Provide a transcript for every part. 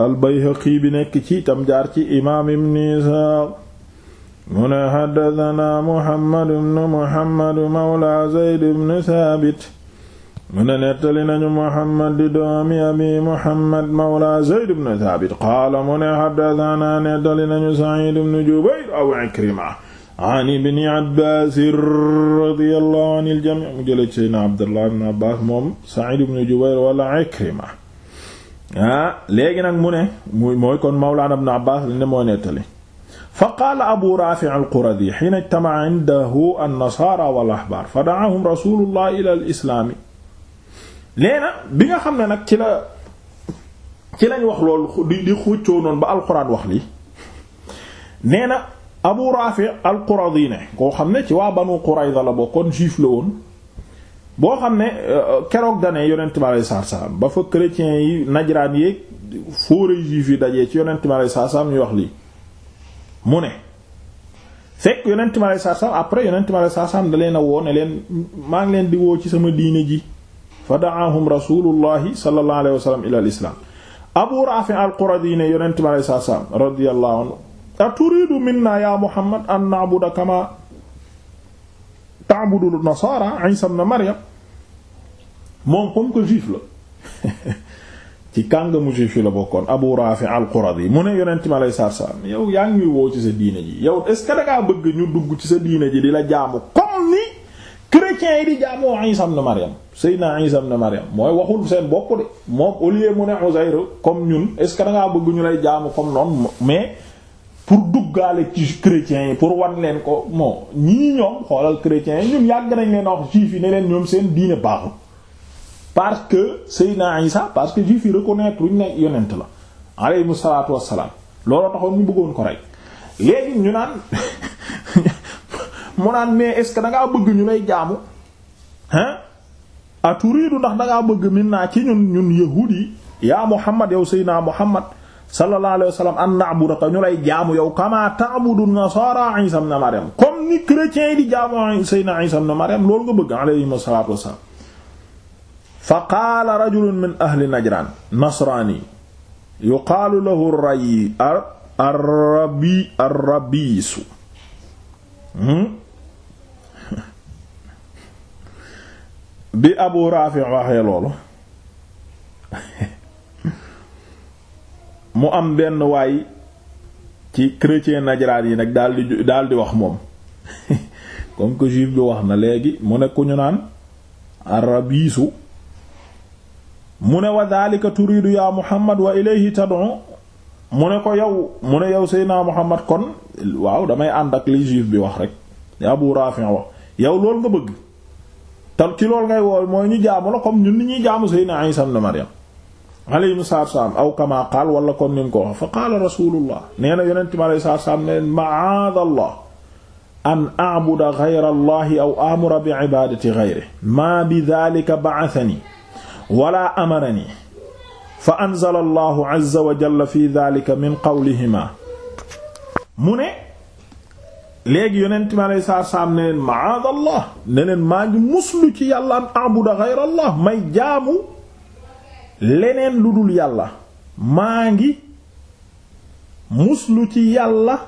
albayhaqi bi nekk ci tam jaar ci imaam ibn isaaq mu ne xaddatanaa muhammadu bnu muhammadu mawla zayd bnu saabit mu ne nettali nañu muhammad di doomi abi muhammad mawla zayd bnu saabit qaala mu ne xaddatanaa nettali nañu saciid bnu jubayr aw ikrima an ibni abbaasir radiyallahu anil jamii mu jële ci seydna abdullah ibn abbaas moom saciid bnu jubayr wala ikrima ah léegi nag mu ne muy mooy kon mawlaana ibn Abbaas li ne mooy nettali fa qaala abu raafi' al-quradi hiina ijtama'a indahu an-nasaara wal ahbaar fa da'ahum rasuulullah bi nga xam ne nag ci la ci lañ wax loolu di di ba alquran wax li nee na abu raafi' al-quradi ne koo xam ne ci waa banu qurayza la bokkoon juif boo xam ne euh, keroog dane yonent bi salaam ba fa yi najraan yéeg fóore juif yi dajee ci yonent bi alayhi salaatu salaam ñu wax lii mu ne fekk yonent bi salaam après yonent bi alayhi salaatu salaam da leen a leen maa ngi leen di woo ci sama diine ji fa da'ahum rasulullahi sallallahu alayhi ila al abu rafi al quradi ne yonent salaam radiyallahu anhu aturidu minna ya muhammad an na'buda kama ta'budu an-nasara isa ibn maryam moom comme que juif la ci kàngamu juif yi la bokkoon Abu Rafi al-Quradi mu ne yonent mi alayhi salaatu salaam yow yaa ngi ñuy woo ci sa diine ji yow est ce que da bëgg ñu dugg ci sa diine ji di la jaamu comme ni chrétiens yi di jaamoo Isa ibn naa Seydina Isa ibn Maryam mooy waxul seen bopp de moom au mu ne Uzayr comme ñun est ce que da ngaa bëgg ñu lay jaamu comme noonu mais pour duggaale ci chrétiens yi pour wan leen ko moo ñii ñoom xoolal chrétiens yi ñun yàgg nañ leen wax juif yi ne ñoom seen diine baaxul. parce que Seydina Isa parce que juif yi reconnaître ñu ne yonent la aleyhum salaatu wassalaam looloo taxoon ñu bëggoon ko rek léegi ñu naan mu naan mais est-ce que da bëgg ñu lay jaamu hein aturiidu ndax da bëgg min naa ci ñun ñun yahuud yi yaa Muhammad yow Seydina Muhammad sallallahu alayhi wa sallam an na'budaka ñu lay jaamu yow kama ta'budu nasara Isa ibn Maryam comme ni chrétiens yi di jaamu Seydina Isa ibn Maryam loolu nga bëgg aleyhum salaatu fa qaala rajulun min ahli najraan nasraani yuqaalu lahu rayi arrabi arrabiisu hmm? bi abu raafi waxee loolu mu am benn waay ci chrétien najraan yi nag daldi daldi wax moom comme que juif bi wax na léegi mu ne ku ñu naan arrabiisu mu ne wa dhalika turidu ya muhammad wa ilayhi tad'u mu ne ko yow mu ne yow seydna muhammad kon waaw damay ànd ak li juif bi wax rek abu rafi wax yow lool nga bëgg tal ci lool ngay woo mooy ñu jaamu la comme ñun ni ñuy jaamu seydna isa ibn maryam alayhi salaatu salaam aw kama qaal wala comme ni mu ko wax fa qaala rasulullah nee na yonent mi ma salaatu salaam ne ma'aadallah an a'buda ghayra allahi aw amura bi ibadati ghayrihi ma bi dhalika ba'athani wala amarani fa anzala allahu fi dhalika min qawlihima mu ne léegi yonent mi alei saatu salaam ne leen maadallah ne leen maa ngi muslu ci yàlla an abuda ghayra allah may jaamu leneen lu dul yàlla maa ngi muslu ci yàlla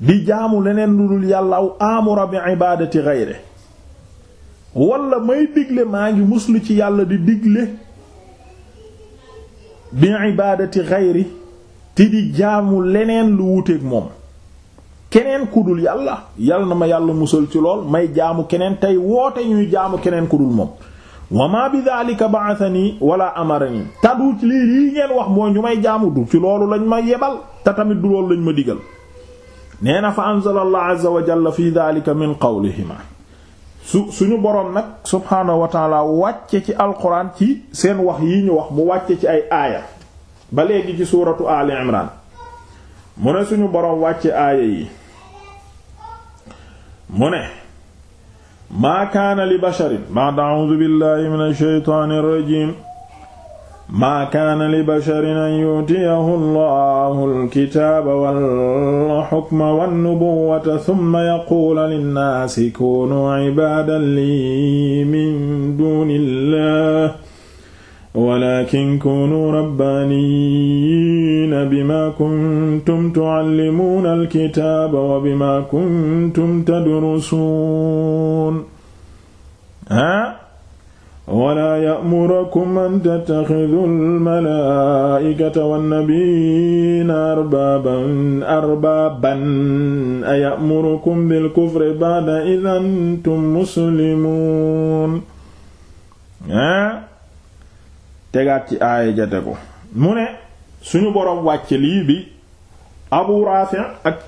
di jaamu leneen lu dul yàlla aw amura bi ibadati ghayrihi wala may digle maa ngi muslu ci yàlla di digle bi ibaadati xayri te di jaamu leneen lu wuuteeg moom keneen ku dul yàlla yàlla na ma yàlla musal ci lool may jaamu keneen tey woote ñuy jaamu keneen ku dul moom wa ma bi daalika ba'athani wala amarani tadu ci lii lii ngeen wax mooy ñu may jaamu du ci loolu lañ ma yebal te tamit du loolu lañ ma digal nee na fa anzala allah azza wa jalla fi daalika min qawlihima su suñu boroom nag subhaanahu wa taala wàcce ci alquran ci seen wax yii ñu wax mu wàcce ci ay aaya ba léegi ci suuratu ali imran mu ne suñu boroom wàcce aaya yi mu ne maa kaana li basharin ba'da a'uuzu billahi minash shaytaanir rajiim maa kaana li basharin an yutiyahu allahu alkitaaba walxukma wannubuwata summa yaquula linnaasi kuunu ibaadan lii min duuni illah walakin kuunu rabbaaniyiina bimaa kuntum tuallimuuna alkitaaba wa bimaa kuntum tadrusuun ah wala ya'murakum an tattakhidhu al-malaa'ikata wan-nabiyyiina arbaaban arbaaban bil-kufri ba'da idh antum muslimuun tegaat ci aaya ja mu ne suñu boroom wàcce lii bi Abu Raafi' ak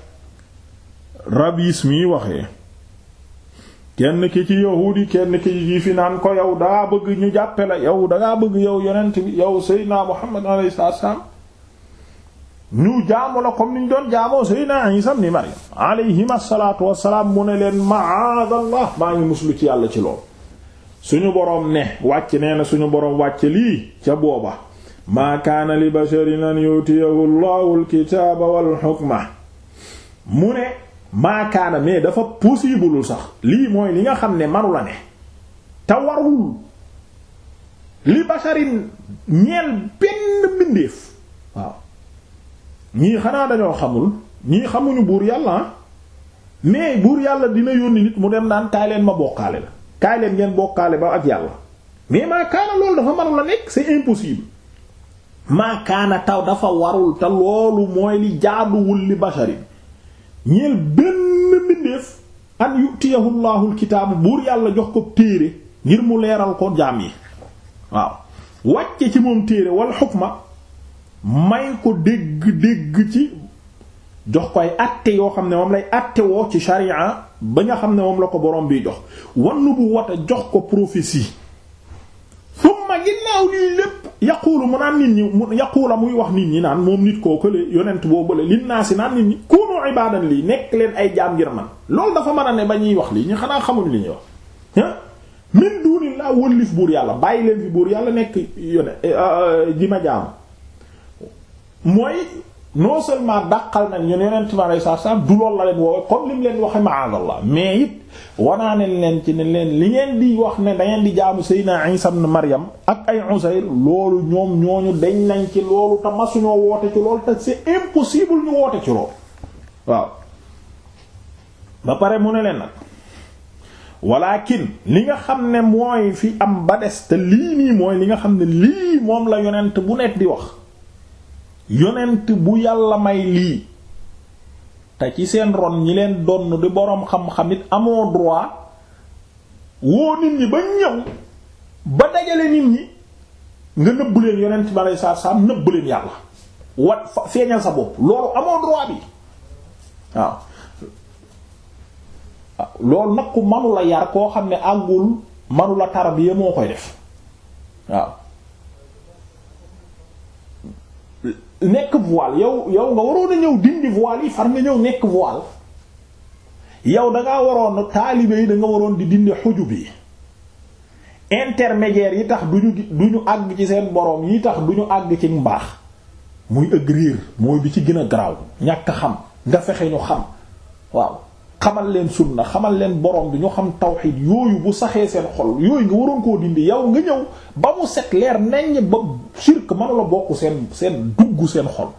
Rabiis mi waxee kenn ki ci yahudi kenn ki ci fi naan ko yow dangaa bëgg ñu jàppe la yow dangaa bëgg yow yonent bi yow seydina muhammad alayhi salaam ñu jaamu la comme niñ doon jaamoo seydina isa ibn maryam alayhim asalaatu wasalaam mu ne leen maadallah maa ngi muslu ci yàlla ci lool suñu boroom ne wàcc nee na suñu boroom wàcc lii ca booba maa kaana li basharin an yutiyahu llahu alkitaaba wal hukma mu ne maakaana mais dafa possible sax lii mooy li nga xam ne manu la ne te warul li basharin ñeel benn mbindeef waaw ñii xanaa dañoo xamul ñii xamuñu buur yàlla ah. mais buur yàlla dina yónni nit mu dem naan kaay leen ma bokkaale la kaay leen ngeen bokkaale ba ak yàlla mais maakaana loolu dafa manu la nekk c'est impossible maakaana taw dafa warul te loolu mooy li jaaduwul li basharin ñeel benn mbindeef an yutiyahu llaahu lkitaabu buur yàlla jox ko téere ngir mu leeral ko jaam yi waaw wàcce ci moom téere wal xukma may ko dégg-dégg ci jox ko ay atte yoo xam ne moom lay atte woo ci sharia ba nga xam ne moom la ko boroom bi jox wan nubuwata jox ko prophétie summa ginnaaw lii lépp yaquulu mu naan nit ñi mu yaquula muy wax nit ñi naan moom nit koo kële yonent boo bële lin naa si naan nit ñi kuunu ibaadan lii nekk leen ay jaam ngir man loolu dafa mën a ne ba ñuy wax lii ñu xanaa xamuñ li ñu wax ah min dunillah wëllif buur yàlla bàyyi leen fi buur yàlla nekk yone eh, ah, ah, ji ma jaam mooy non seulement dàqal nañ ñun yonent mi alayhi salaam du loolu la leen woowe comme lim leen waxe ma'aadallah mais it wanaanen leen ci ne leen li ngeen di wax ne dangeen di jaamu Seydina Isa ibn Maryam ak ay Usayr loolu ñoom ñooñu dañ nañ ci loolu te masuñoo woote ci loolu te c'est impossible ñu woote ci loolu waaw ba pare mu ne leen nag walakin li nga xam ne mooy fi am ba des te lii nii mooy li nga xam ne lii moom la yonent bu nekk di wax yonent bu yàlla may lii te ci seen ron ñi leen donn di boroom xam-xamit amoo droit woo nit ñi ba ñëw ba dajale nit ñi nga nëbb leen yonent bi aleyhi salaatu nëbb leen yàlla wat feeñal sa bopp loolu amoo droit bi waaw loolu nag ku manula yar koo xam ne àggul manula tarbiya moo koy def waaw nekk voile yow yow nga waroon a ñëw dindi voile yi far nga ñëw nekk voile yow da ngaa waroon taalibe yi danga waroon di dindi xujub bi intermédiaire yi tax duñu duñu àgg ci seen boroom yi tax duñu àgg ci mbaax muy ëgg riir mooy bi ci gën a garaaw ñàkk xam nga fexe ñu xam waaw xamal leen sunna xamal leen borom bi ñu xam tawxid yooyu bu saxee seen xol yooyu nga waroon koo dindi yow nga ñëw ba mu set leer naññ ba sirk manu la bokk seen seen dugg seen xol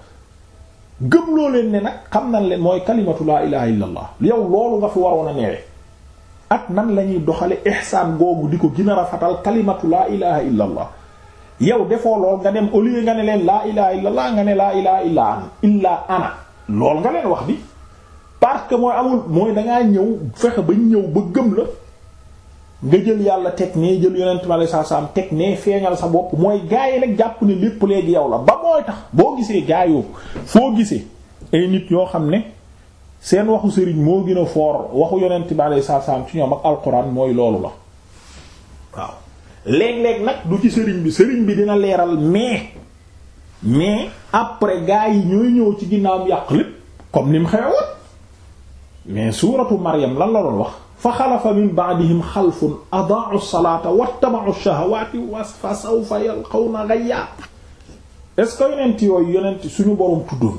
gëm loo leen ne nag xam nañ leen mooy kalimatu laa ilaha illa yow loolu nga fi waroon nan la ñuy doxale ihsaan googu di ko gën a kalimatu laa ilaha illa allah yow defoo lool nga dem ne leen laa ilaha illa allah nga ne laa illa illa ana lool nga leen wax bi parce que mooy amul mooy dangaa ñëw fexe ba ñëw ba gëm la nga jël yàlla teg nee jël yonent ma la saa saam teg nee feeñal sa bopp mooy gaa yi nag jàpp ne lépp léegi yow la ba mooy tax boo gisee gaa foo gisee ay nit yoo xam ne seen waxu sëriñ moo gën foor waxu yonent ma la saa saam ci ñoom ak alxuraan mooy loolu la waaw léeg-léeg nag du ci sëriñ bi sëriñ bi dina leeral mais mais après gaa yi ñooy ñëw ci ginnaaw ginnaawam yàq lépp comme ni mu xewoon mais suuratu Maryam lan la doon wax fa xalafa min ba'dihim xalfun adaa'u salaata wattaba'u shahawaati fa sawfa yalqawna ghayya est-ce que yonent yooyu yonent suñu boroom tuddoon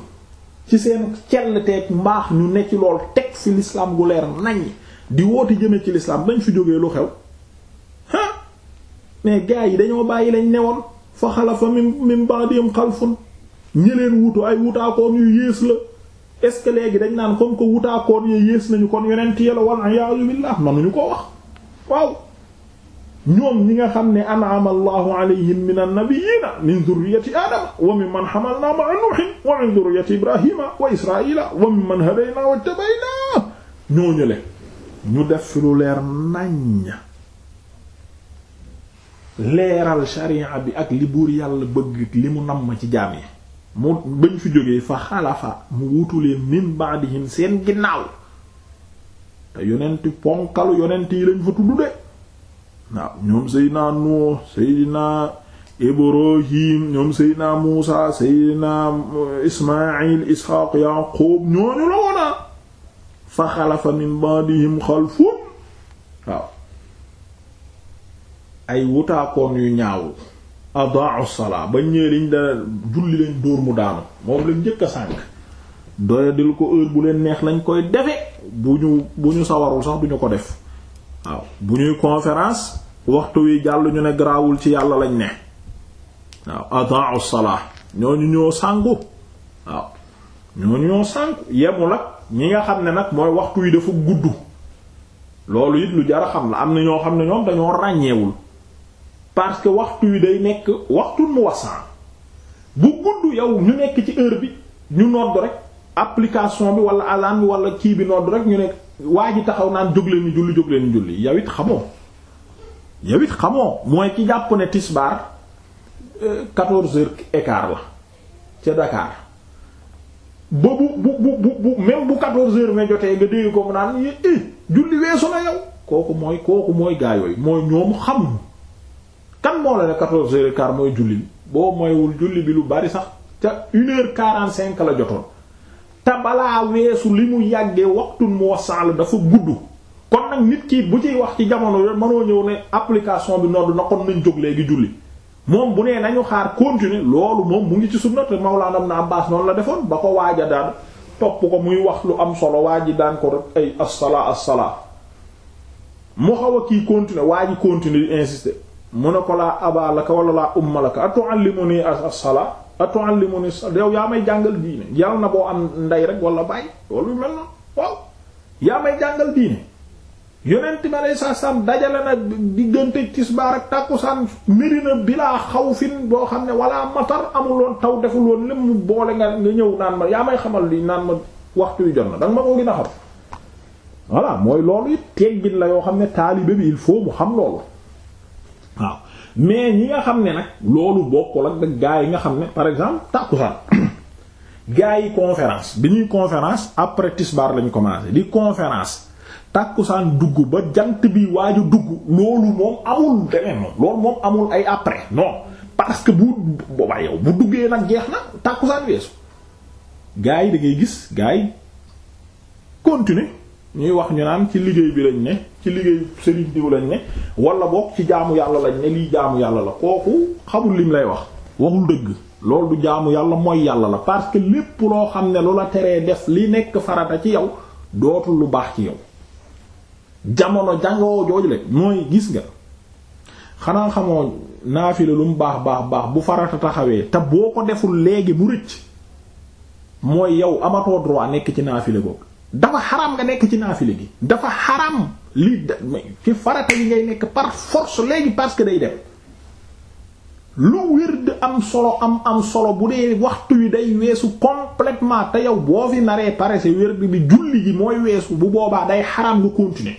ci seen cell mbaax ñu ne ci lool teg fi l'islam gu leer nañ di woote jëme ci l'islam bañ fi jógee lu xew ah mais gars yi dañoo bàyyi lañ newoon fa xalafa min min ba'dihim xalfun ñi wutu ay wutaakoom yu yées la est-ce que léegi dañ naan comme que wutaakoon yee yées nañu kon yonent yàlla wal iyaazu billah ñu ko wax waaw ñoom ñi nga xam ne an'ama allahu alayhim min annabiyina min wa min man hamalna ma'a nuuhin wa min dhurriyyati ibrahima wa israila wa min man hadayna wa tabayna ñooñu le ñu def fi lu leer naññ leeral bi ak li buur yàlla bëgg li mu nam ci jaam yi mu bañ fi jógee fa xalafa mu wutulee min ba'dihim seen ginnaaw te yonenti ponkalu yonent yi lañ fa tudd de waaw ñoom seydinaa Nuux seydinaa Ibrahim ñoom seydinaa Muusa seydinaa euh, Ismaayil Isxaaq Yaaqub ñooñu la woona fa xalafa min ba'dihim xalfun waaw ay wutaakoon yu ñaaw adaa'u salaa ba ñëwee liñ dara julli leen dóor mu daanu moom lañ njëkk a sànk doyadil ko heure bu leen neex lañ koy defe bu ñu bu ñu sawarul sax du ñu ko def waaw bu ñuy conférence waxtu wi jàll ñu ne garaawul ci yàlla lañ ne waaw adaa'u salaa ñooñu ñoo sànku waaw ñooñu ñoo sànku yemul ak ñi nga xam ne nag mooy waxtu wi dafa gudd loolu it lu jara xam la am na ñoo xam ne ñoom dañoo ràññeewul parce que waxtu wi day nekk waxtu mu wasaan bu gudd yow ñu nekk ci heure bi ñu nodd rek application bi wala alaan bi wala kii bi nodd rek ñu nekk waa ji taxaw naan jóg leen julli jóg leen julli yow it xamoo yow xamoo mooy ki jàpp ne tisbaar euh, quatorze heures écart la ca Dakar bu bu bu bu même bu quatorze heures mais jotee nga dégg ko mu naan julli weesu na yow kooku mooy kooku mooy gaa yooyu mooy ñoom xam kan moo la ne quatorze heures et mooy julli bi boo moywul julli bi lu bari sax ca une heure quarante-cinq la jotoon te balaa weesu li mu yàggee waxtu moo saal dafa gudd kon nag nit ki bu ciy wax ci jamono yooyu mënoo ñëw ne application bi nodd na kon nañ jóg léegi julli moom bu nee nañu xaar continuer loolu moom mu ngi ci sunna te Mawlana Ibn Abbas noonu la defoon ba ko waaja daan topp ko muy wax lu am solo waa ji daan ko rek ay assalaa assalaa mu xaw a kii continuer waa mu ne ko laa abaalaka wala laa ummalaka atu'allimuni as-salaa atu'allimuni yow yaa may jàngal diine yàlla na boo am ndey rek wala bàyyi wala lu mel noonu waaw yaa may jàngal diine yonent bi aleyhi salaatu salaam dajale na diggante tisbaar ak tàkkusaan mirina bilaa xawfin boo xam ne wala matar amuloon taw defuloon lépp mu boole nga nga ñëw naan ma yaa may xamal li naan ma waxtu yu jot na danga ma ko gën a xam voilà mooy loolu it teggin la yoo xam ne taalibe bi il xam waaw mais ñi nga xam ne nag loolu bokkul ak nag gaa yi nga xam ne par exemple tàkkusaan gaa yi conférence bi ñuy conférence après tisbaar lañu commencé di conférence tàkkusaan dugg ba jant bi waaju dugg loolu moom amul demee moom loolu moom amul ay après non parce que bu boobaa yow bu duggee nag jeex na tàkkusaan weesu gaa yi da ngay gis gaa yi continuer ñuy wax ñu naan ci liggéey bi lañ ne ci liggéey sëriñ diw ne wala bokk ci jaamu yàlla lañ ne lii jaamu yàlla la kooku xamul lim lay wax waxul dëgg loolu du jaamu yàlla mooy yàlla la parce que lépp loo xam ne lu la teree def li nekk farata ci yow dootul lu baax ci yow jamono jangoo joojule mooy gis nga xanaa xamoo naafila lu mu baax baax baax bu farata taxawee te boo ko deful léegi mu rëcc mooy yow amatoo droit nekk ci naafila boobu dafa xaraam nga nekk ci naafile gi dafa xaraam li ci farata yi ngay nekk par force léegi parce que day dem lu wird am solo am am solo bu dee waxtu wi day weesu complètement te yow boo fi naree pare sa wird bi julli gi mooy weesu bu boobaa day xaraam nga continuer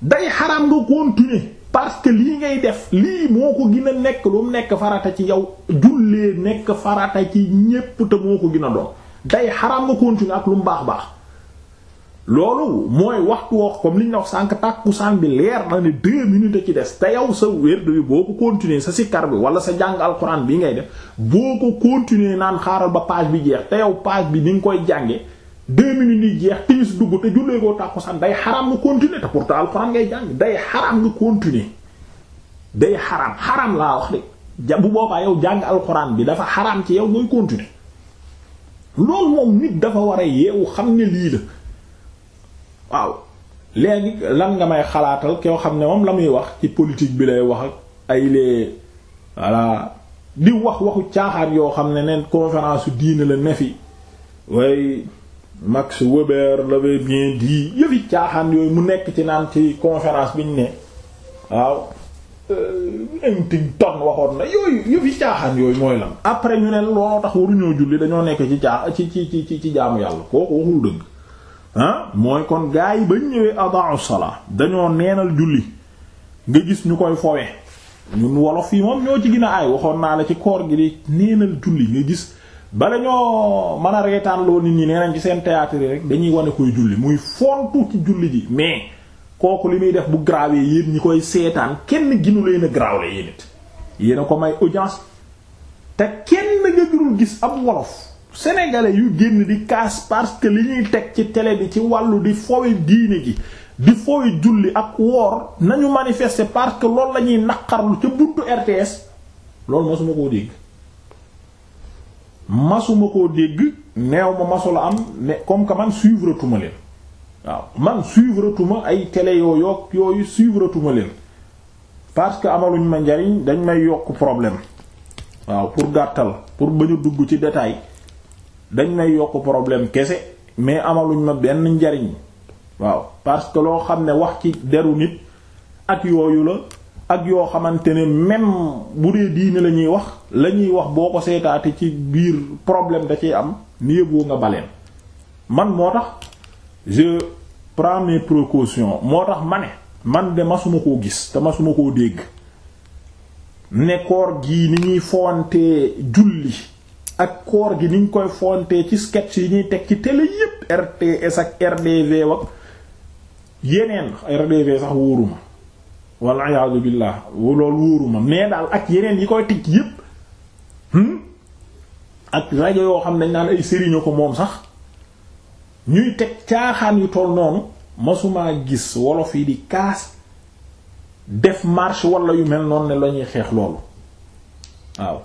day xaraam nga continuer parce que lii ngay def lii moo ko gën nekk lu mu nekk farata ci yow jullee nekk farata ci ñépp te moo ko gën a doon day xaram nga continuer ak lu mu baax baax loolu mooy waxtu wax comme li ñu wax sànq tàkkusaan bi leer na ne deux minutes ci des te yow sa wér bi boo ko continuer sa sikkar bi wala sa jàng alxuraan bi ngay def boo ko continuer naan xaaral ba page bi jeex te yow page bi ni nga koy jànge deux minutes yi jeex timis dugg te jullee koo tàkkusaan day xaraam nga continuer te pourtant alxuraan ngay jàng day xaraam nga continuer day xaraam xaram laa wax de bu boobaa yow jàng alxuraan bi dafa xaraam ci yow ngay continuer loolu moom nit dafa war a yeewu xam ne lii la waaw léegi lan nga may xalaatal koo xam ne moom la muy wax ci politique bi lay wax ak ay les voilà di wax waxu caaxaan yoo xam ne nen conférence su diine la ne fi waaye Max Weber l'avait bien dit yëfi caaxaan yooyu mu nekk ci naan ci conférence bi ñu ne waaw. inting euh, ton waxoon na yooyu yëfi caaxaan yooyu mooy lan après ñu ne looloo tax waruñoo julli dañoo nekk ci caa ci ci ci ci jaamu yàlla kooku waxul dëgg ah mooy kon gaa yi ba ñëwee adaa'u salaa dañoo neenal julli nga gis ñu koy fowe ñun wolof yi moom ñoo ci gën a aay waxoon naa la ci koor gi di neenal julli nga gis bala ñoo mën a reetaan loo nit ñi neenañ ci seen théâtre rek dañuy wane koy julli muy fontu ci julli ji mais kooku li muy def bu grawee yéen ñi koy seetaan kenn ginu leen graw graawle yéen it ko may audience te kenn nga gis ab wolof sénégalais yu génn di kaas parce que li ñuy teg ci télé bi ci wàllu di fowe diine gi di fowe julli ak woor nañu manifester parce que loolu lañuy ñuy naqarlu ca buntu RTS loolu masuma koo dégg masuma koo dégg neew ma masula am mais comme que man suivre tuma waaw man suivre ay télé yoo yokk yooyu suivre leen parce que amaluñ ma njariñ dañ may yokk problème waaw pour gàttal pour bañ a dugg ci détail dañ may yokk problème kese mais amaluñ ma benn njariñ waaw parce que loo xam ne wax ci deru nit ak yooyu la ak yoo xamante ne même bu dee diine la ñuy wax la ñuy wax boo ko seetaate ci biir problème da ciy am ni yëboo nga baleen man moo tax je prends mes moo tax ma ne man de masuma koo gis te masuma koo dégg ne koor gi ni ñuy fontee julli ak koor gi ni ñu koy fontee ci sketch yi ñuy teg ci télé yépp RTS ak RDV wak yeneen RDV sax wóoruma walla iyaazu billaah loolu wóoruma mais daal ak yeneen yi koy teg yépp hmm? ak rajo yoo xam ne dañ naan ay sëriñu ko moom sax ñuy teg caaxaan yu toll noonu masumaa gis wolof yi di kaas def marche wala yu mel noonu ne la ñuy xeex loolu waaw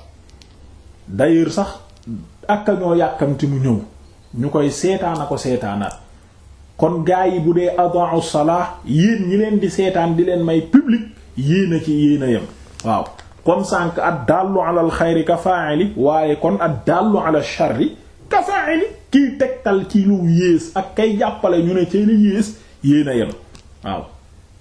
d'ailleurs sax ak ñoo yàkkamti mu ñëw ñu koy seetaana ko seetaanaat kon gaa yi bu dee adaa'u salah yéen ñi leen di seetaan di leen may public yéen a ci yéen yem waaw comme sànq ad dallu ala al xayri ka fa'ili waaye kon at dallu ala al sharri ka fa'ili ci tegtal ci lu yées ak kay jàppale ñu ne cee la yées yéen a yem waaw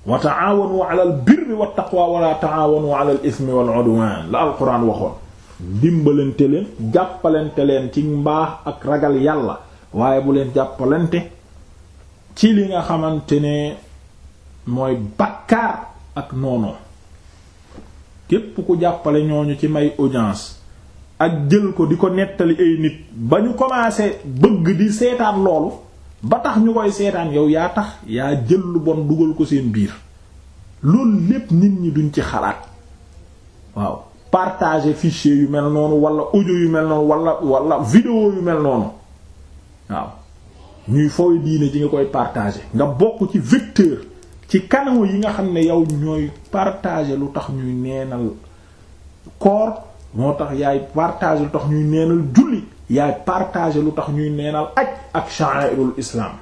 wa taawanu ala al birri wa taqwa wala taawanu ala al ismi wal udwan la alquran waxoon dimbalante leen jàppalante leen ci mbaax ak ragal yàlla waaye bu leen jàppalante ci li nga xamante ne mooy bakkaar ak noonoo képp ku jàppale ñooñu ci may audience ak jël ko di ko nettali ay nit ba ñu commencé bëgg di seetaan loolu ba tax ñu koy seetaan yow yaa tax yaa jël lu bon dugal ko seen biir loolu lépp nit ñi duñ ci xalaat waaw partager fichier yu mel noonu wala audio yu mel noonu wala wala vidéo yu mel noonu waaw ñuy fooy diine ji nga koy partager nga bokk ci vecteur ci canaux yi nga xam ne yow ñooy partager lu tax ñuy neenal corps moo tax yaay partage lu tax ñuy neenal julli yaay partage lu tax ñuy neenal aj ak sha'airul islam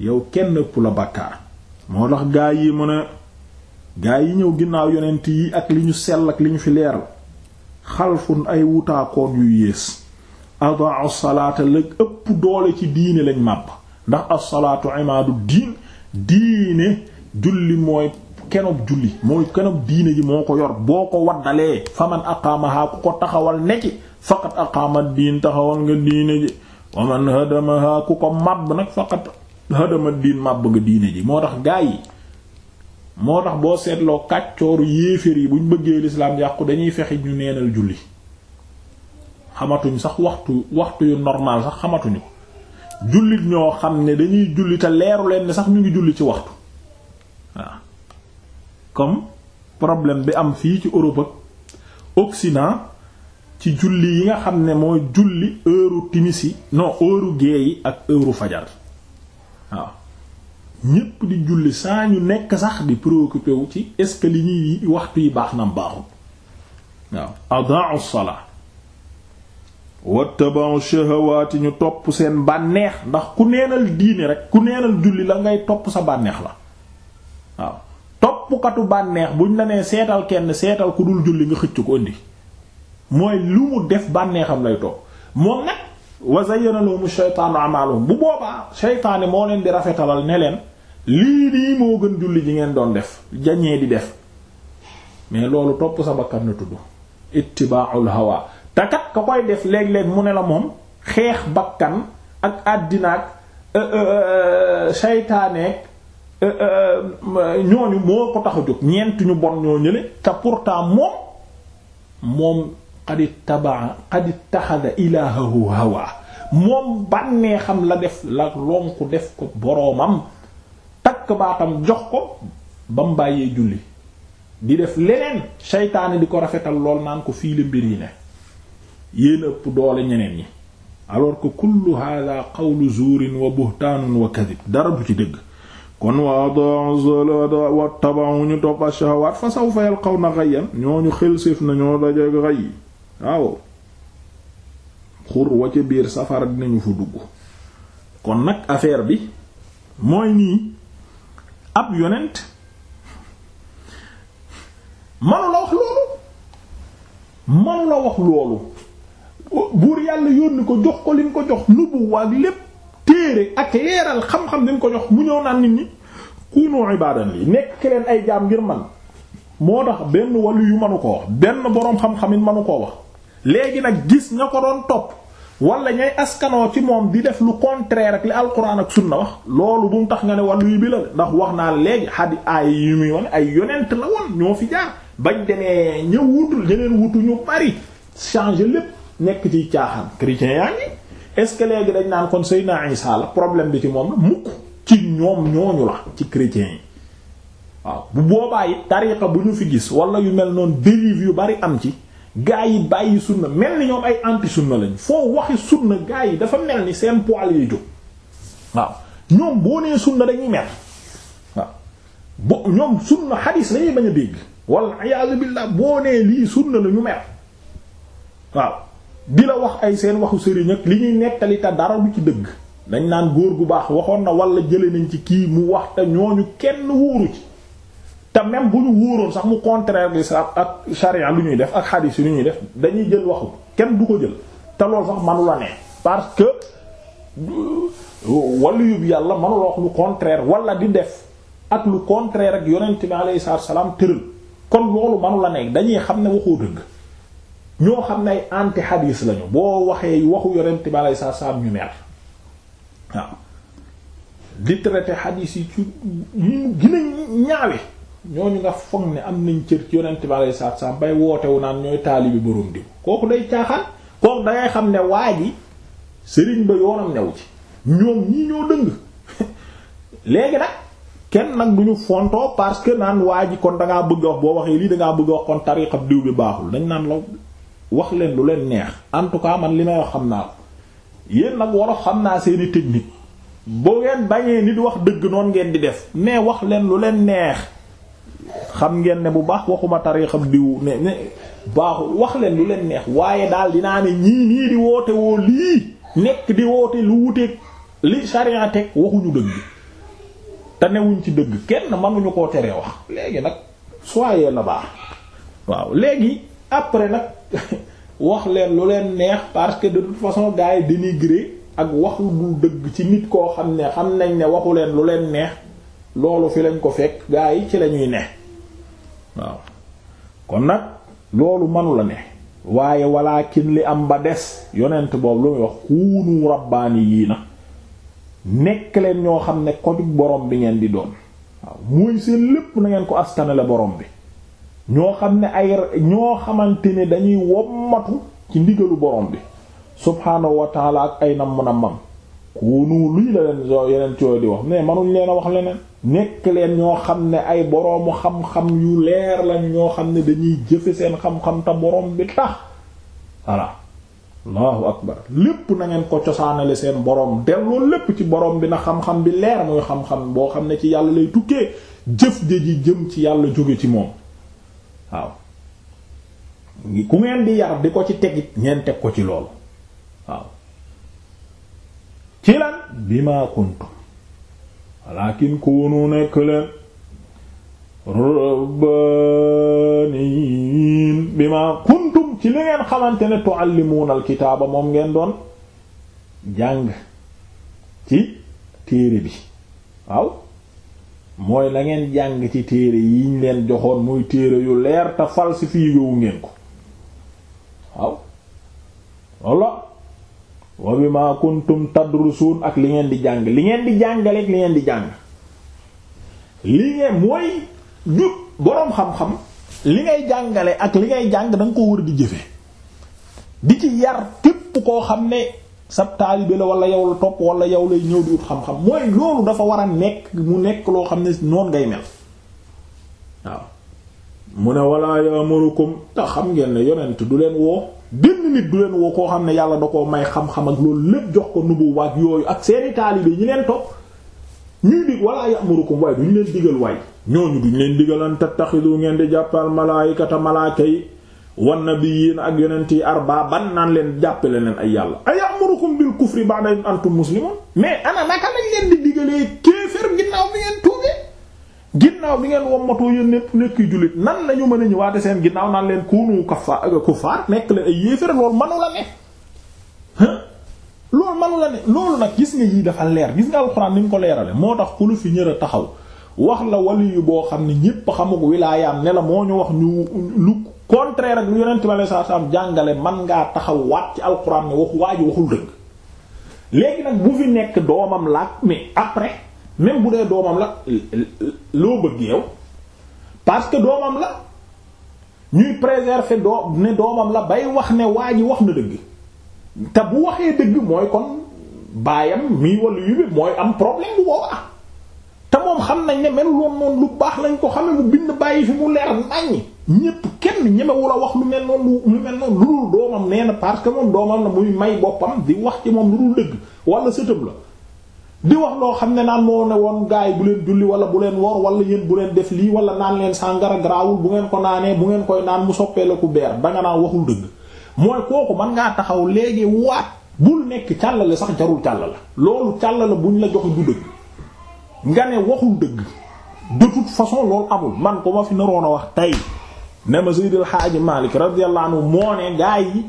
yow kenn ëpp la bàkkaar moo tax gaa yi mu ne gaa yi ñëw ginnaaw yonent yi ak li ñu sell ak li ñu fi leeral xalfun ay wutaakoon yu yées adaa salaata la ëpp doole ci diine lañ màpp ndax as-salaatu imaadu diin diine julli mooy kenob julli mooy kenob diine ji moo ko yor boo ko waddalee faman aqaamaha ko taxawal ne ci faqat aqaama diin nga diine ku ko màbb nag faqat hadama diin màbb nga diine gaa yi moo tax boo seetloo kàccooru yéeféer buñ bëggee lislaam yàqu dañuy fexe ñu neenal xamatuñ sax waxtu waxtu xamatuñu ko jullit ñoo xam ne dañuy julli te leeru leen ne sax ñu ngi julli ci waxtu comme problème bi am fii ci Europe ak Occident ci julli yi nga xam ne mooy julli heure timis yi non heure ak heure fajar waaw ñépp di julli saa ñu nekk sax di préoccupé ci est-ce li ñuy waxtu yi baax na baaxul waaw adaa'u salaa wattaba'u shahawaati ñu topp seen bànneex ndax ku neenal diine rek ku neenal julli la ngay topp sa bànneex la waaw toppkatu bànneex buñ la nee seetal kenn seetal ku dul julli nga xëcc ko indi mooy lu mu def bànneexam lay topp moom nag wa zayyana lahum shaytaanu bu boobaa shaytaane moo leen di rafetalal ne leen lii nii moo gën julli ji ngeen doon def jañee di def mais loolu topp sa bakkan na tudd ittiba'ul hawa te kat ka koy def léeg-léeg mu ne la moom xeex bakkan ak àddinaak euh, euh, euh, shaytaaneek Euh, euh, euh, ñooñu moo ko tax a jóg ñeent ñu bon ñoo ñële te pourtant moom moom xadit tabaa xadit taxada ilaahahu hawa moom bànnee xam la def la lonku def ko boroomam takk baatam jox ko ba mu bàyyee julli di def leneen seytaane di ko rafetal lool naan ko fii la mbir yi ne yéen ëpp doole ñeneen ñi alors que kullu hada qawlu zuurin wa buhtaanun wa kadib dara du ci dëgg kon waa doxal wa ñu topp ash-shahawaat fa sawfa yalqawna ghayyan ñooñu xel séef na ñoo dajeeg ray waaw xur wa ca biir safara nañu fa dugg kon nag affaire bi mooy nii ab yonent manu la wax loolu manu wax loolu buur yàlla yónni ko jox ko lim ko jox nubuwa lépp. téere ak yeeral xam-xam dañ ko jox mu ñëw naan nit ñi kunu ibadan li nekk leen ay jaam ngir man moo tax benn wàllu yu manu ko wax benn boroom xam-xam it manu koo wax léegi nag gis ña ko doon topp wala ñay askanoo ci moom di def lu contraire ak li alquran ak sunna wax loolu bu mu tax nga ne wàllu yu bi ndax wax naa léegi xadi aay yi muy won ay yonent la woon ñoo fi jaar bañ demee ña wutul ñeneen wutu ñu bari changer lépp nekk ci caaxaan chrétien est-ce que léegi dañ naan kon Seydina Isa la problème bi ci moom la mukk ci ñoom ñooñu la ci chrétiens yi waaw bu boobaa tariqa bu ñu fi gis wala yu mel noonu dérive yu bari am ci gaa yi bàyyi sunna mel ni ñoom ay anti sunna lañ foo waxi sunna gaa yi dafa mel ni seen poil yi jóg waaw ñoom boo nee sunna dañuy mel waaw bo ñoom sunna xadiis lañuy bañ a dégg wala iyaazu billaah boo nee lii sunna la ñu mel waaw di la wax ay seen waxu sëriñ ak li ñuy nettali te dara du ci dëgg dañ naan góor gu baax waxoon na wala jële nañ ci kii mu wax te ñooñu kenn wóoru ci te même bu ñu wóoroon sax mu contraire li sa ak charia lu ñuy def ak hadith lu ñuy def dañuy jël waxu kenn du ko jël te loolu sax manu ne parce que wala yóbbu yàlla manula wax lu contraire wala di def ak lu contraire ak yonent bi alayhi salaam tëral kon loolu manu la ne dañuy xam ne waxoo ñoo xam ne ay anti xadiis lañu boo waxee waxu yonent bi aleyhi salaatu salaam ñu mer waaw di traité xadiis yi ci ñu gën a ñaawe ñooñu nga foog ne am nañ cër ci yonent bi aleyhi salaatu salaam bay wootewu naan ñooy taalibi boroom diw kooku day caaxaan kooku dangay xam ne waa ji sëriñ ba yoonam new ci ñoom ñii ñoo dëng léegi nag kenn nag du fontoo parce que naan waa ji kon dangaa bëgg a wax boo waxee lii dangaa bëgg a wax kon tariqab diw bi baaxul dañ naan law wax leen lu leen neex en tout cas man li may wax xam naa ko yéen nag wolof xam naa seeni technique boo ngeen bañee nit wax dëgg noonu ngeen di def mais wax leen lu leen neex xam ngeen ne bu baax waxuma tariixam diw ne ne baaxul wax leen lu leen neex waaye daal naa ne ñii nii di woote woo lii nekk di woote lu wuteeg li sariya teg waxuñu dëgg te newuñ ci dëgg kenn mënuñu koo teree wax léegi nag soyee la baax waaw léegi après nag wax leen lu leen neex parce que de toute façon gars yi dénigrer ak wax lu dëgg ci nit koo xam ne xam nañ ne waxu leen lu leen neex loolu fi lañ ko fekk gars yi ci lañuy ne waaw kon nag loolu manu la ne waaye walaa walaakin li am ba des yonent boobu lu muy wax xuunu rabbaani yii na nekk leen ñoo xam ne kojug borom bi ngeen di doon waaw mooy seen lépp na ngeen ko astanale borom bi ñoo xam ne ay ñoo xamante ni dañuy wommatu ci ndigalu borom bi subhaanahu wa ak ay nam na mam kunu luy la leen yeneen cooy di wax mais manuñ leen a wax leneen nekk leen ñoo xam ne ay boroomu xam-xam yu leer lañ ñoo xam ne dañuy jëfe seen xam-xam te borom bi tax voilà allahu akbar lépp na ngeen ko cosaanale seen borom delloo lépp ci borom bi na xam-xam bi leer muy xam-xam boo xam ne ci yàlla lay tukkee jëf ji jëm ci yàlla jóge ci moom waaw ku ngeen di yar di ko ci tegit ngeen teg ko ci loolu waaw ci lan bi maa kuntum walakin kunu nekk leen bi maa kuntum ci li ngeen xamante ne tuallimuuna alkitaaba moom ngeen doon jàng ci téere bi waaw mooy la ngeen jàng ci téere yi ñu leen joxoon muy téere yu leer te falsifié yowu ngeen ko waaw walla wa bima kuntum tadrusun ak li ngeen di jàng li ngeen di jàngale ak li ngeen di jàng li ngeen mooy jub boroom xam-xam li ngay jàngale ak li ngay jàng da ko wër di jëfe di ci yar képp koo xam ne sab taalibe la wala yow la topp wala yow lay ñëw di wut xam-xam mooy loolu dafa war a nekk mu nekk loo xam ne noon ngay mel waaw mu ne wala ya'murukum te xam ngeen ne yonent du leen woo benn nit du leen woo koo xam ne yàlla da koo may xam-xam ak loolu lépp jox ko nubuwa ak yooyu ak seeni taalibe ñi leen topp ñuy dig wala ya'murukum waaye ñu leen digal waay ñooñu duñu leen digal an tattaxidu ngeen di jàppal malaayikata malaaka yi wan nabiyyiin ak yonent yi arba ban naan leen jàppale leen ay yàlla ayamurukum bil kufri ba'da in antum muslimun mais ana naka lañ leen di digalee kéefër ginnaaw bi ngeen tuubee ginnaaw bi ngeen wommatoo yéen népp nekk jullit nan lañu mën a ñëwaate seen ginnaaw naan leen kuunu kaffaar euh, kuffaar nekk leen ay yéefër loolu manu la ne loolu manu la ne loolu nag gis nga yii dafa leer gis nga alxuraan ni ñu ko leerale moo tax ku lu fi ñër taxaw wax la waliyu boo xam ne ñépp xamuk wilaayaam ne la moo ñu wax ñu lu contraire ak lu yonent bi aleyhi salaatu salaam jàngale man ngaa taxaw waat ci alxuraan ne waxu waa ji waxul dëgg léegi nag bu fi nekk doomam la mais après même bu dee doomam la loo bëgg yow parce que doomam la ñuy préserver doo ne doomam la bay wax ne waa ji wax na dëgg te bu waxee dëgg mooy kon baayam mii wala yu bi mooy am problème bu boobaa te moom xam nañ ne mel loon noonu lu baax lañ ko xamee mu bind bàyyi fi mu leer naññi ñépp kenn ñemewu la wax lu mel noonu lu mel noonu lu dul doomam nee na parce que moom doomam la muy may boppam di wax ci moom lu dul dëgg wala sëtam la di wax loo xam ne naan moo ne woon gaay bu leen julli wala bu leen wor wala yéen bu leen def lii wala naan leen sàngara garaawul bu ngeen ko naanee bu ngeen koy naan mu soppee la ku beer ba nga naan waxul dëgg mooy kooku man ngaa taxaw léegi waat bul nekk càllale sax jarul càllala loolu càllala buñ la joxe du dëgg dëgg de toute façon loolu amul man ko ma wax tey ne ma Seydil Xaaji Malik radiyallahu anhu moo ne gaa yi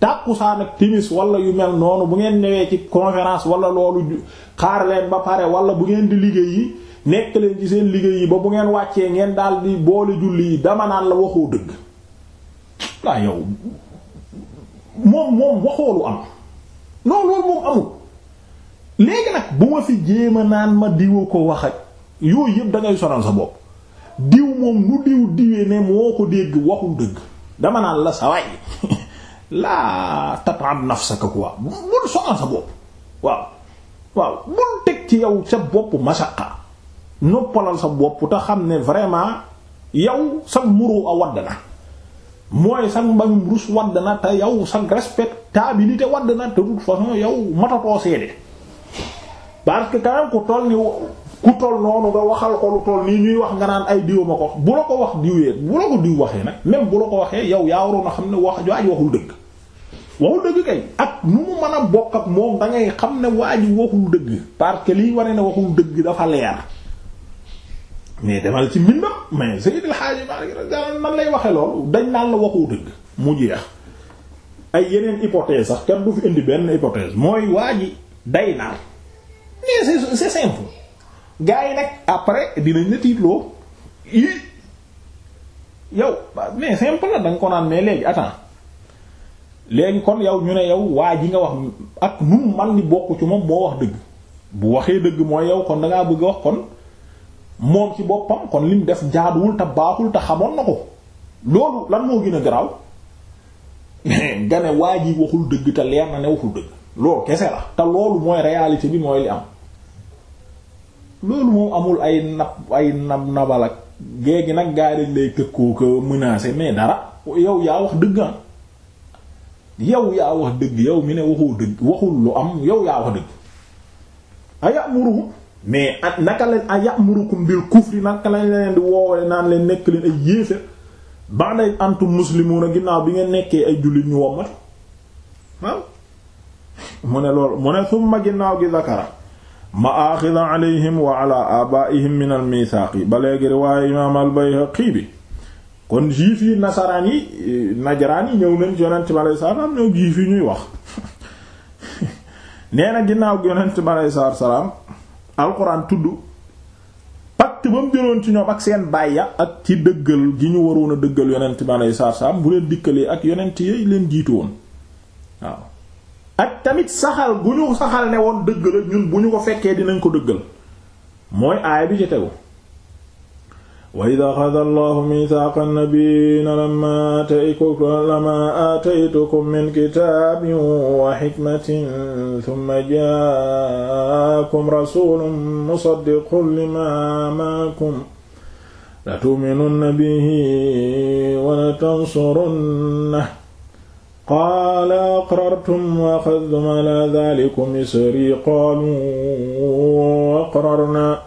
tàkkusaan ak timis wala yu mel noonu bu ngeen newee ci conférence wala loolu xaar ba pare wala bu ngeen di liggéey yi nekk leen ci seen liggéey yi ba bu ngeen wàccee ngeen daal di boole julli yi dama naan la waxoo dëgg waa yow moom moom waxoolu am non loolu moom amul léegi nag bu ma fi jéem naan ma diwa ko wax ak yooyu yëpp dangay ngay sonal sa bopp diw moom nu diw diwee ne moo ko dégg waxul dëgg dama naan la sa waay laa tatam nafsaka quoi bul sonal sa bopp waaw waaw bul teg ci yow sa bopp masaqa noppalal sa bopp te xam ne vraiment yow sa muru a wadd na mooy sa mbañum rus wadd na te yow sa respectabilité wadd na te de façon yow matatoo seede parce que quand ku toll ni ku toll noonu nga waxal ko lu toll nii ñuy wax nga naan ay diw ma wax bu la ko wax diwee bu la ko diw waxee nag même bu la ko waxee yow yaa waroon a xam ne wax waaj waxul dëgg waxul dëgg kay ak nu mu mën a bokk ak moom da ngay xam ne waaj waxul dëgg parce que liy wane ne waxul dëgg dafa leer mais demal ci minam mais Seydil Hadji Malick nan lay waxe loolu dañ naan la waxul dëgg mu jeex ay yeneen hypothèse sax kenn du fi indi benn hypothèse mooy waaj day naan mais c'est gars yi nag après dinañ la tiitloo i yow mais simple la da ko naan mais léegi attends léegi kon yow ñu ne yow waa ji nga wax ak nu mu man ni bokk ci moom moo wax dëgg bu waxee dëgg mooy yow kon dangaa bëgg a wax kon moom ci boppam kon lim def jaaduwul te baaxul te xamoon na ko loolu lan moo gën a garaaw nga ne waa ji waxul dëgg te leer na ne waxul dëgg loolu kese la te loolu mooy réalité bi mooy li am loolu moom amul ay nab ay nab nabal ak géegi nag gaa lay tëkkoo ko menacer mais dara yow yaa wax dëgg ah yaa wax dëgg yow mi ne waxoo dëgg waxul lu am yow yaa wax dëgg ayamuruhum mais ak naka leen ayamurukum bil kufri naka lañ leen di woowee naan leen nekk leen ay yéefér ba'da antum a ginnaaw bi ngeen nekkee ay jullit ñu wommat waaw mu ne loolu mu ne summa ginnaaw gi zakara ma axida alayhim wa ala abaihim min al mithaaqi ba léegi riwaaye imaam bi kon juif yi nasaraan yi najaraan yi ñëw nañ ci yonent bi aleyhi salaam ñëw juif ñuy wax na ginnaaw yonent bi aleyhi salaam tudd pacte ba mu jëloon ci ñoom ak seen bàyya ak ci dëggal gi ñu waroon a dëggal yonent bi aleyhi salaam bu leen dikkalee ak yonent yi leen jiitu woon waaw ak tamit saxal bu ñu saxal ne woon dëgg la ñun bu ñu ko fekkee dinañ ko dëggal mooy aaya bi ci tegu wa id axada allahu mithaqa annabiyina lama ataytukum lama ataytukum min kitaabin wa xikmatin thumma jaakum rasulun musaddiqun lima maakum latu'minunna bihi wa latansurunnahu qaala aqrartum wa axadtum ala dalikum isri qaalu aqrarna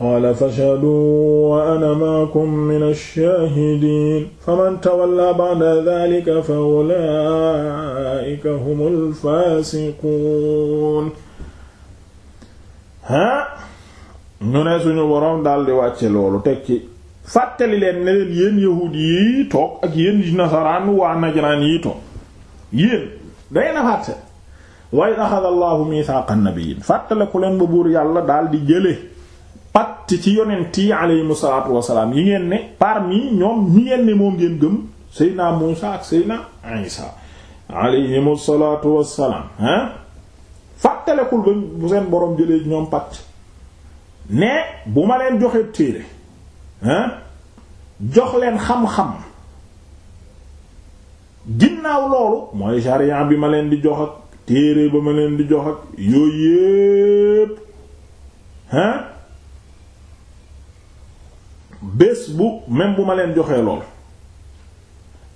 qaala fashhaduu wa ana maakum min ash-shaahidiin faman tawallaa ba'da dalika fa ulaa'ika humul faasiquun ha ñu ne suñu boroom daldi wàcce loolu teg ci fàttali leen ne leen yéen yahuud yi toog ak yéen nasaraan waa najraan yi toog yéen dangeen a fàtte wa id axada allahu mithaqa nabiyyin leen ba buur yàlla daal di jële patt ci yonent yi aleyhim asalatu yi ngeen ne mi ñoom ñi ngeen ne moom ngeen gëm seydna muusa ak seydna isa aleyhim asalatu wasalaam ah fàttalekul ba bu seen boroom jëlee ñoom patt ne bu ma leen joxee téere jox leen xam-xam ginnaaw loolu mooy sharia bi ma leen di jox ak téere ba ma leen di jox ak yooyu yépp hein bés bu même bu ma leen joxee lool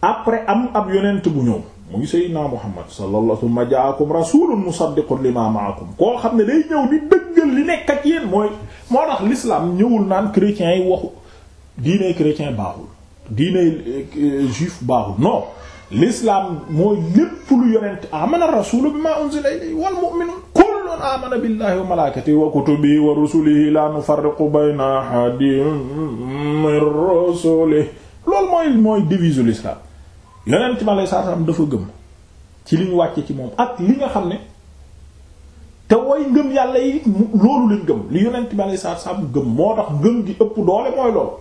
après am ab yonent bu ñëw muy sayyidina Muhammad sallallahu summa jaakum rasulun musaddiqun lima ma'akum koo xam ne day ñëw di dëggal li nekk ak yéen mooy moo tax l'islam ñëwul naan chrétiens yi waxu diine chrétien baaxul diine euh, juif baaxul non lislaam mooy lépp lu yonent amana ma bima unzila ilayhi wal mu'minun kullun amana billahi wa malaikatihi wa kutubihi wa rusulihi la nufarriqu bayna ahadin min loolu mooy mooy devise l'islam yonent ma lay saa salaam dafa gëm ci liñ wàcce ci moom ak li nga xam ne te way ngëm yàlla yi loolu lañ gëm li yonent ma lay saa salaam gëm moo tax ngëm gi ëpp doole mooy loolu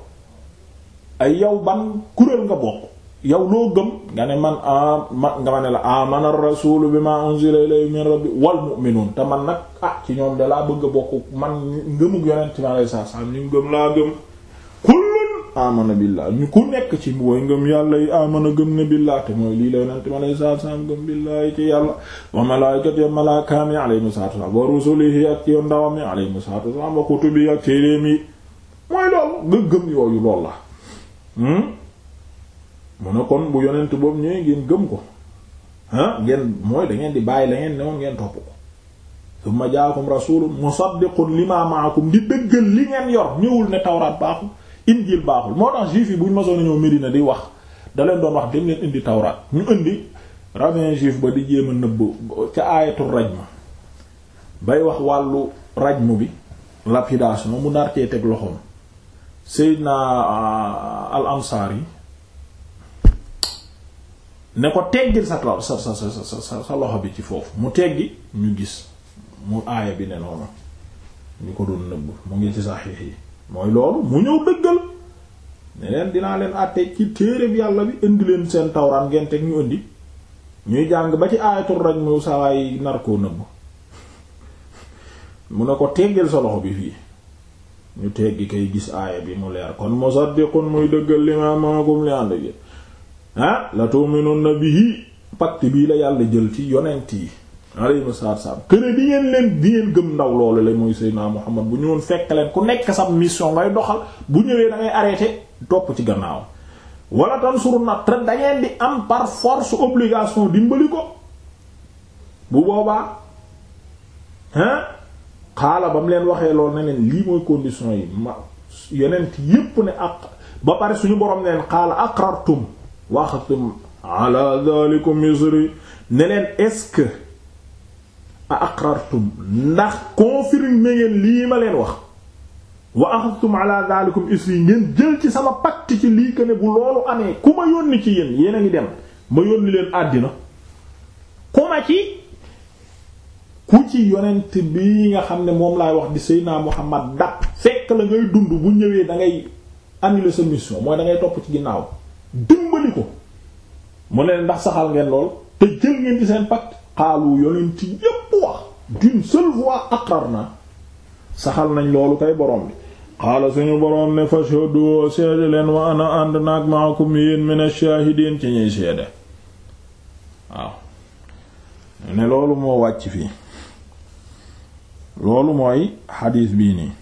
ay yow ban kuréel nga bokk yow loo gëm nga ne man ah, ma nga ma ne la amana ah, ar-rasul bima unzila ilayhi min rabbi wal mu'minun te man nag ah ci ñoom dalaa bëgg a bokk man ngëmug yonent mi alayhi salaam ñu gëm laa gëm kullun amana billah ku nekk ci mooy ngëm yàlla yi amana gëm ne billah te mooy lii la yonent mi alayhi salaam gëm billahi ci yàlla wa malaikati malaakaami alayhi salaam wa rusulihi ak ci ndawami alayhi salaam wa kutubi ak téeréem yi mooy loolu nga gëm yooyu lool la hmm? mu ne kon bu yonent boobu ñëwee ngeen gëm ko ah ngeen mooy da ngeen di bàyyi la ngeen ne woon ngeen topp ko summa jaakum rasulun musaddiqun lima ma'akum di dëggal li ngeen yor ñëwul ne tawraat baaxul injil baaxul moo tax juif yi buñ masoon a ñëw Medina di wax da leen doon wax dem leen indi tawraat ñu indi rabbin juif ba di jéem a nëbb ca aayatul rajma bay wax wàllu rajmu bi lapidation mu nar cee teg loxoom Seydina ah, al ansari ne ko teggil sa to sa sa sa sa loxo bi ci foofu mu teggi ñu gis mu aaya bi ne noonu ñu ko doon nëbb mu ngi ci saxiix yi mooy loolu mu ñëw dëggal ne leen dinaa leen àtte ci téere bi yàlla bi indi leen seen tawraan ngeen teg ñu indi ñuy jàng ba ci aayatul raj mu sawaay nar koo nëbb mu ne ko teggil sa loxo bi fii ñu teggi kay gis aaya bi mu leer kon musaddiqun muy dëggal li ma maakum li ànd gi ah la tu'minunna bihi pacte bii la yàlla jël ci yonent yi alayhi salaatu salaam këne di ngeen leen di ngeen gëm ndaw loolu la mooy Seydina Muhammad bu ñëwoon fekk leen ku nekk sa mission ngay doxal bu ñëwee da ngay arrêté topp ci gannaaw wala tansurunna te da ngeen di am par force obligation dimbali ko bu boobaa hein xaala ba mu leen waxee loolu ne leen lii mooy condition yi ma yonent yépp ne ak ba pare suñu borom leen xaala aqrartum waxtum ala zalikum isri ne leen ce que a aqrartum ndax confirmer ngeen lii ma leen wax wa axadtum ala zalikum isri ngeen jël ci sama pacte ci lii que ne bu loolu amee ku ma yónni ci yéen yéen a ngi dem ma yónni leen àddina ku ma ci ku ci yonent bi nga xam ne moom laay wax di Seydina Muhammad dab fekk la ngay dund bu ñëwee dangay ngay annuler sa mission mooy da topp ci ginnaaw dimbali ko mu ne ndax saxal ngeen lool te jël ngeen ci seen pacte xaalu yonent yépp wax d'une seule voix aqrarna saxal nañ loolu kay boroom bi xaala suñu boroom ne fashhadu seede leen wa ana ànd naag maakum yéen mina shaahidiin ci ñuy seede waaw ne loolu moo wàcc fii loolu mooy xadiis bii nii